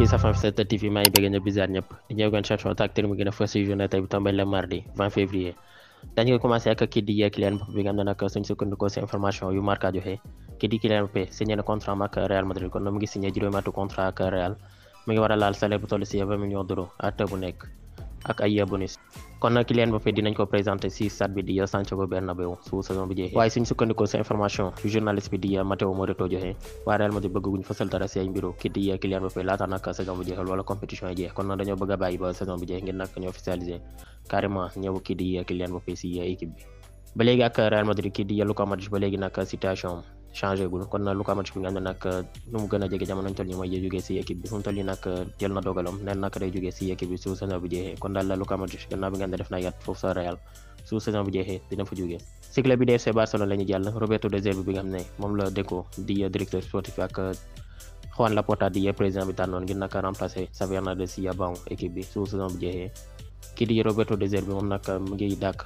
mbokk yi safam TV maa ngi bëgg ñëpp di di ñëw ngeen cherche ak terme gën journée tey bi tombé mardi 20 dañu ko ak kii di yee Kylian Mbappé bi nga xam ne nag suñu information yu Marca joxe kii di Kylian Mbappé signé na contrat am ak Real Madrid kon mu ngi signé juróomi atu contrat ak Real mu ngi war laal salaire bu toll si 20 millions d'euros at bu nekk. ak ay bonus kon nag Kylian Mbappé dinañ ko présenté si stade bi di Santiago Bernabéu su saison bi jeexee waaye suñ sukkandikoo si information yu journaliste bi di Matteo Moretto joxe waa Real Madrid bëgguñ fësal dara si ay mbiru kii di Kylian Mbappé laata nag saison bi jeexal wala compétition yi jeex kon nag dañoo bëgg a bàyyi ba saison bi jeex ngir nag ñu officialiser carrément ñëw kii di Kylian Mbappé si équipe bi ba léegi ak Real changé gul kon na Luka Modric bi nga xam ne nu mu gën a jege jamono mu toll nii nag euh, jël si équipe bi su saison bu jeexee kon daal la Luka Modric bi nga xam ne def na yat foofu sa Real su saison bu jeexee dina fa jógee si club bi di FC Barcelone la jàll Roberto De bi nga xam ne moom la Deco di euh, directeur sportif ak euh, Juan Laporta di président bi tànnoon ngir nag remplacer Xavi Hernandez si yabaw équipe bi su saison bu jeexee kii di Roberto De Zerbi moom nag mu ngi dàkk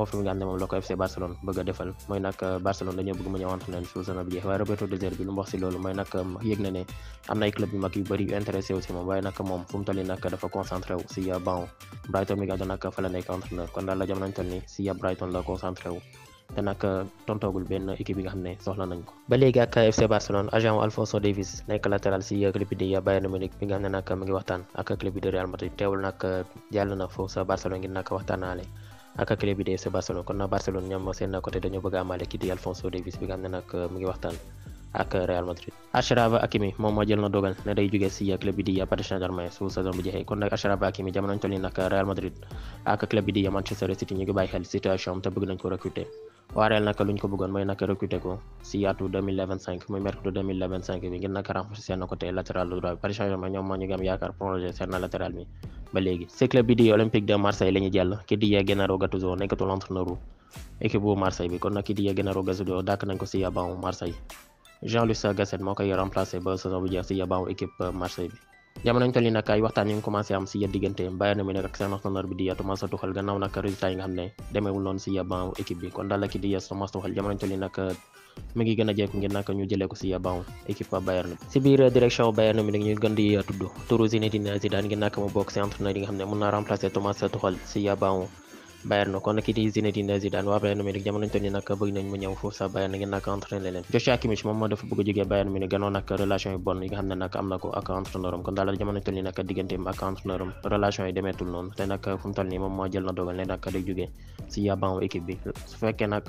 offre bi nga xam ne moom la ko FC Barcelone bëgg a defal mooy nag euh, Barcelone dañoo bëgg mu ñëw entraîneur sous son abri waaye Roberto De Zerbi lu mu si loolu mooy nag euh, yëg na ne am na ay club yu mag yu bëri yu intéressé aussi moom waaye nag moom fu mu toll dafa concentré wu si euh, Brighton mi nga xam ne nag fa la nekk entraîneur kon daal la jamono ñu toll nii si Brighton la concentré wu te nag euh, tontoogul benn équipe yi nga xam ne soxla nañ ko ba léegi ak FC Barcelone agent Alphonso Davies nekk latéral si euh, club bi di euh, Bayern Munich bi nga xam ne nag mu ngi waxtaan ak club bi di Real Madrid teewul nag jàll na FC Barcelone kon nag Barcelone ñoom seen côté dañoo bëgg a amaale kii di Alphonso Davies bi nga xam ne nag mu ngi waxtaan ak Real Madrid. Achraf Hakimi moom moo jël na dogal ne day jóge si club bi di Paris Saint-Germain su saison bu jeexee kon nag Achraf waareel naka luñ ko bëggoon mooy naka recruter ko si atu 2025 muy bi ngir naka renforcer seen côté latéral droit bi par changement ñoom moo ñu yaakaar prolonger seen latéral bi ba léegi si club bi di Olympique de Marseille la jàll ki di Gennaro Gattuso nekkatul entraîneur équipe bu Marseille bi kon nag ki di Gennaro Gattuso dàkk nañ ko si yabawu Marseille Jean-Luc Gasset moo koy remplacé ba saison bu jeex jamonoñ tol li nag ay waxtaan yu ngi commencé am si ya diggante Bayern Munich ak seen entraîneur bi di ya Thomas Tuchel gannaaw nag résultat yi nga xam ne demeewul noonu si ya ban équipe bi kon daal ki di ya Thomas Tuchel jamonoñ tol li nag mu ngi gën a jeeku ngir nag di nga xam ne mën naa remplacer Thomas Tuchel si ya ban Bayern kon kii di Zinedine Zidane waa Bayern Munich jamono ñu toll nii bëgg nañ mu ñëw foofu sax Bayern ngeen nag entraîné leen Joshua Kimmich moom moo dafa bëgg a jógee Bayern Munich gannaaw nag relation yu bon yi nga digganteem ak entraîneur am relation yi demeetul noonu te nag fu nii moom moo jël na dogal ne nag day jógee si yabanwu équipe bi su fekkee nag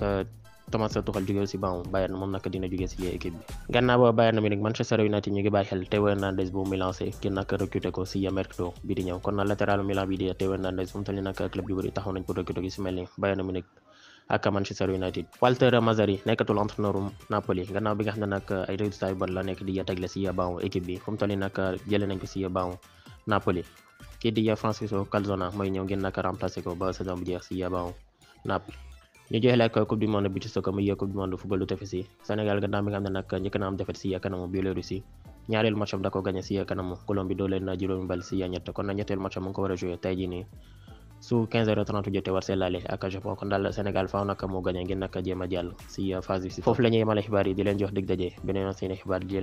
sa Tuchel jógee si banc moom nag dina jógee si lee équipe bi gannaaw ba Bayern Munich Manchester United ñu ngi bàyyi xel Théo Hernandez bu mu lancé ki nag ko si mercato bi di ñëw kon na latéral Milan bi di Théo Hernandez fu mu toll nii club yu bëri taxaw nañ ko recruté gi si mel ni Bayern Manchester United Walter Mazzarri nekkatul entraîneur Napoli gannaaw bi nga xam ne nag ay résultats yu bon la nekk équipe bi ñu joxe la coupe du monde bi ci soccer mu du monde football lu tefes yi Sénégal gannaaw bi nga xam ne nag njëkk na am defet si ñaareelu match am da ko gagné si kanamu Colombie doo juróomi bal si ñett kon na ñetteelu match am mu ngi ko war nii su 15 war see laale Japon kon daal Sénégal faaw nag moo gagné ngir nag jéem a jàll si phase bi si foofu la ñuy xibaar yi di jox dig daje beneen yoon seen xibaar di